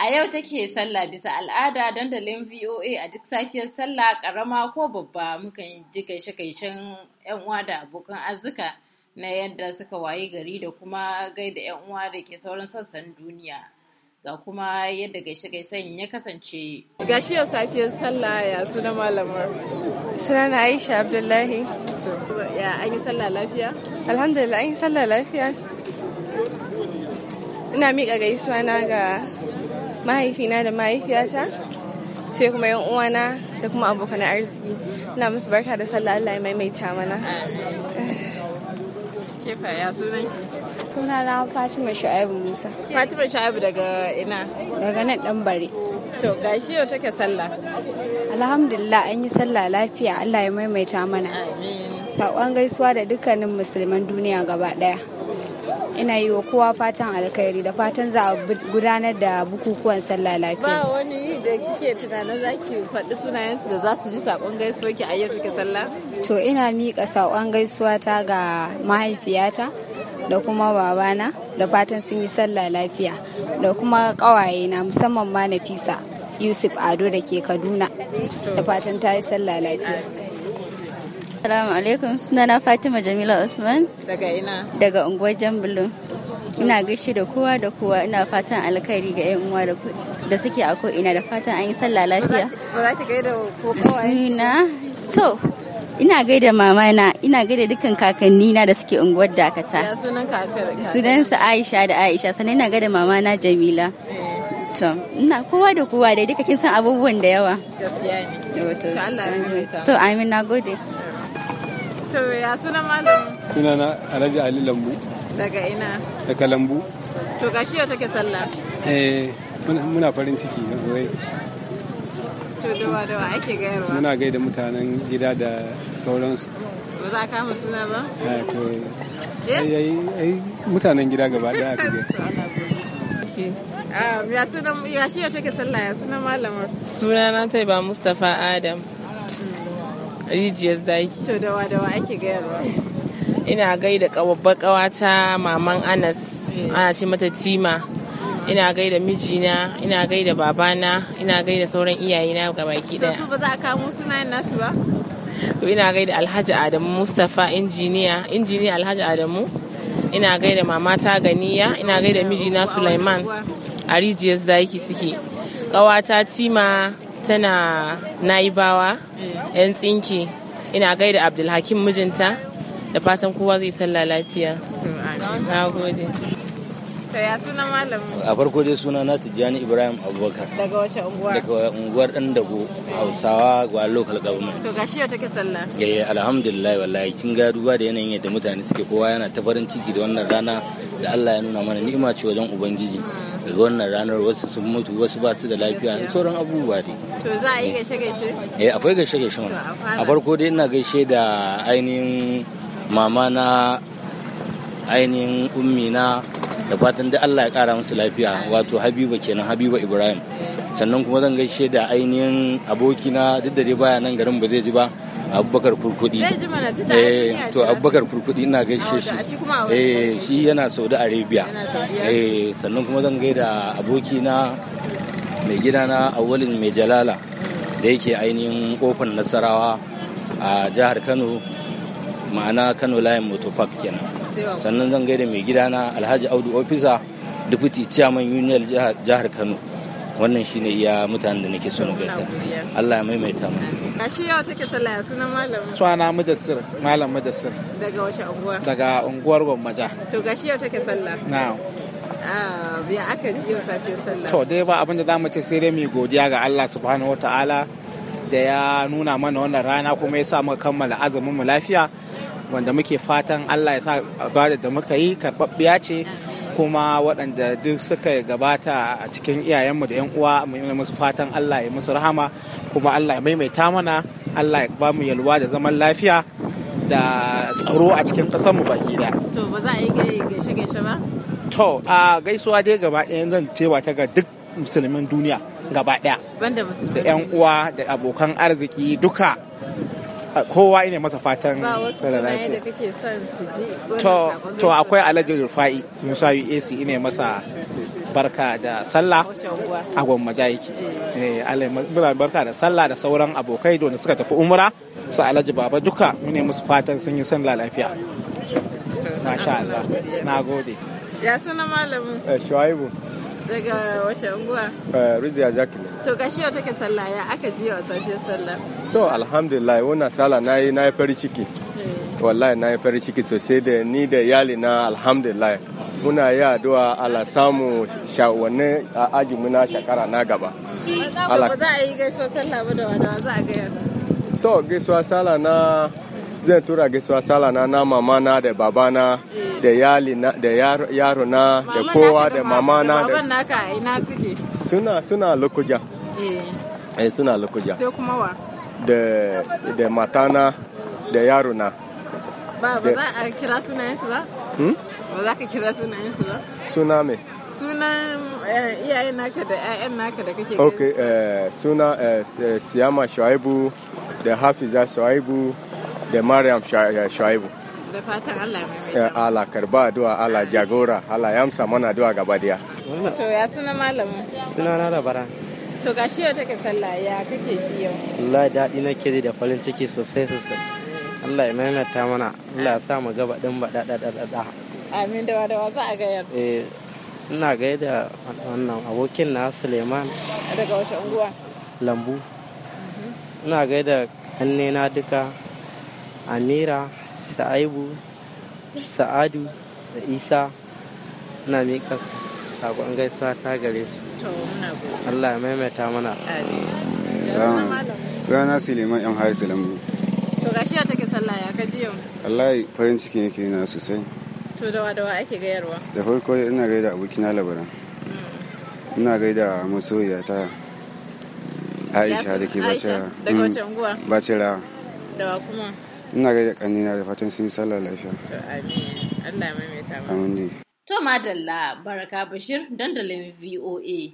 A yau take sallah bisa al'ada dandalin VOA a duk safiyar sallah karama ko babba mukan ji gaishe-gaishen 'yan uwa da abokan arzika na yadda suka waye gari da kuma gaida 'yan uwa da ke sauran sassan duniya. ga kuma yadda gaishe-gaishen ya kasance. Gashi yau safiyar sallah ya suna malamar. Suna na Aisha Abdullahi. Ya an yi sallah lafiya? Alhamdulillah an yi sallah lafiya. Ina miƙa gaisuwa na ga mahaifina da mahaifiyata sai kuma yan uwana da kuma abokan arziki na musu barka da sallah Allah ya maimaita mana kefa sunan na Fatima Shu'aibu Musa Fatima Shu'aibu daga ina daga nan dan bare to ga shi yau take sallah alhamdulillah an yi sallah lafiya Allah ya maimaita mana amin sakon gaisuwa da dukkanin musulman duniya gaba daya ina yi wa kowa fatan alkhairi da fatan za a gudanar da bukukuwan sallah lafiya ba wani da kike tunanin za ki faɗi sunayensu da za su ji sakon gaisuwa ki ayyar kike sallah to ina miƙa saƙon gaisuwa ta ga mahaifiyata da kuma babana da fatan sun yi sallah lafiya da kuma ƙawaye na musamman ma nafisa yusuf ado da ke kaduna da fatan ta yi sallah lafiya Assalamu alaikum sunana Fatima Jamila Usman. Daga ina? Daga unguwar Jambulu. Ina gaishe da kowa da kowa ina fatan alkhairi ga 'yan uwa da suke a ko'ina da fatan an yi sallah lafiya. Ba za ki gaida kowa? Suna. To, ina gaida mamana ina gaida dukkan kakanni na da suke unguwar dakata ya sunan Sunan sunansa Aisha da Aisha sannan ina gaida mamana Jamila eh. to ina kowa da kowa dai duka kin san abubuwan da yawa gaskiya ne to Allah ya to amin gode. ya suna Sunana Alhaji Ali Lambu. Daga ina? Daga Lambu. To yau take sallah. Eh ciki To dawa mutanen gida da sauransu. mutanen gida gaba daya ah, ya shi take sallah ya malamar sunana taiba mustapha adam rijiyar zaki to dawa dawa ake gayarwa ina gaida kawabba ƙawata maman anas eh. ana ce mata tima ina gaida mijina ina gaida babana ina gaida sauran iyayena ga baki daya su ba za a kamo sunayen nasu ba to ina gaida alhaji adamu mustapha injiniya injiniya alhaji adamu ina gaida ta ganiya ina gaida mijina sulaiman a rijiyar zaki suke ƙawata tima tana naibawa yan tsinki ina gaida abdulhakim mijinta da fatan kowa zai sallah lafiya na gode To ya suna malamin? A farko dai suna na Tijjani Ibrahim Abubakar. Daga wace unguwa? Daga unguwar ɗan dago Hausawa ga local government. To gashi ya take sallah. Eh alhamdulillah wallahi kin ga duba da yanayin yadda mutane suke kowa yana ta farin ciki da wannan rana da Allah ya nuna mana ni'ima ce wajen Ubangiji. Hmm. Daga wannan ranar wasu sun mutu wasu ba su da lafiya da sauran abubuwa dai. To za a yi gaishe gaishe? Eh akwai gaishe gaishe mana. A farko dai ina gaishe da ainihin mama na ainihin ummi na da fatan da Allah ya kara musu lafiya wato Habiba kenan Habiba Ibrahim sannan kuma zan gaishe da ainihin abokina duk da dai baya nan garin ba zai ji ba abubakar kurkudi eh to abubakar kurkudi ina gaishe shi eh shi yana saudi arabia eh sannan kuma zan gaida abokina mai gidana awalin mai jalala da yake ainihin kofan nasarawa a jihar kano ma'ana kano layin park kenan sannan zan gaida mai gidana alhaji audu ofisa deputy chairman union jihar kano wannan shine iya mutanen da nake son gaita Allah ya maimaita mu kashi yau take sallah ya sunan malam suna Majasir. malam Majasir. daga wace unguwa daga unguwar gwammaja to gashi yau take sallah na'am biya ah, aka ji yau safiyar sallah to dai ba abin da zamu ce sai dai mu godiya ga Allah subhanahu wataala da ya nuna mana wannan rana kuma ya sa mu kammala azumin mu lafiya wanda muke fatan Allah ya sa ibada da muka yi karɓaɓɓiya ce kuma waɗanda duk suka gabata a cikin iyayenmu da 'yan uwa mu yi musu fatan Allah ya musu rahama kuma Allah ya maimaita mana Allah ya ba mu yalwa da zaman lafiya da tsaro a cikin ƙasarmu baki da. To ba za a yi gaishe-gaishe ba? To a gaisuwa dai gaba ɗaya zan cewa ta ga duk musulmin duniya gaba ɗaya. Banda Da 'yan uwa da abokan arziki duka kowa ina masa fatan sada lafiya to akwai alhaji rufa'i musa uac ina masa barka da sallah a gwammaja yake eh, barka da sallah da sauran abokai da suka tafi umra su alhaji baba duka mune musu fatan sun yi sallah lafiya masha Allah na gode ya suna malamin eh, shuaibu daga wace unguwa eh, riziya jaki to gashi yau take sallah ya aka ji wa safiyar sallah to alhamdulillah wannan sallah na nayi na yi farin ciki eh. wallahi na fari farin ciki sosai da ni da yali na alhamdulillah muna yi addu'a ala samu shawanne a ajimi na shekara na gaba ba za a yi gaisuwa sallah ba da wadawa za a gaya to gaisuwa sallah na zan tura gaisuwa sala na na mama na da baba na da yali na da yaro na da kowa da mama na da naka ina suke suna suna lokuja eh eh suna lokuja sai kuma wa da da mata na da yaro na ba ba za a kira sunayen su ba hmm? ba za ka kira sunayen su ba suna me suna eh, iyayen naka da 'ya'yan naka da kake okay eh suna eh, eh siyama shuaibu da hafiza shuaibu da Mariam eh, Shaibu. Da fatan Allah mai eh, Allah karba addu'a, Allah jagora, Allah yamsa mana addu'a gaba daya. To ya suna malamin? Suna na rabara. To ga shi yau take sallah ya kake fi yau? Allah daɗi na kiri da farin ciki sosai sosai. Allah ya ta mana, Allah ya sa mu gaba ɗin ba da da da Amin da wadawa za a gayar. Eh, ina gaida wannan abokin na Suleiman. Daga wace unguwa? Lambu. Ina gaida hannena duka amira Sa'ibu, sa'adu da isa na miƙa sakon gaisuwa ta gare su allah ya maimaita mana rana suleiman yan hari salamu to gashi ya take sallah ya kaji yau wallahi farin ciki yake na sosai to da wa da wa ake gayarwa da farko ina gaida abokina labaran mm. ina gaida masoyiya ta aisha da ke bacira daga mm. da wa kuma ina gaida na da fatan sun yi sallah lafiya amin Allah ya maimaita mu amin to madalla baraka bashir dandalin VOA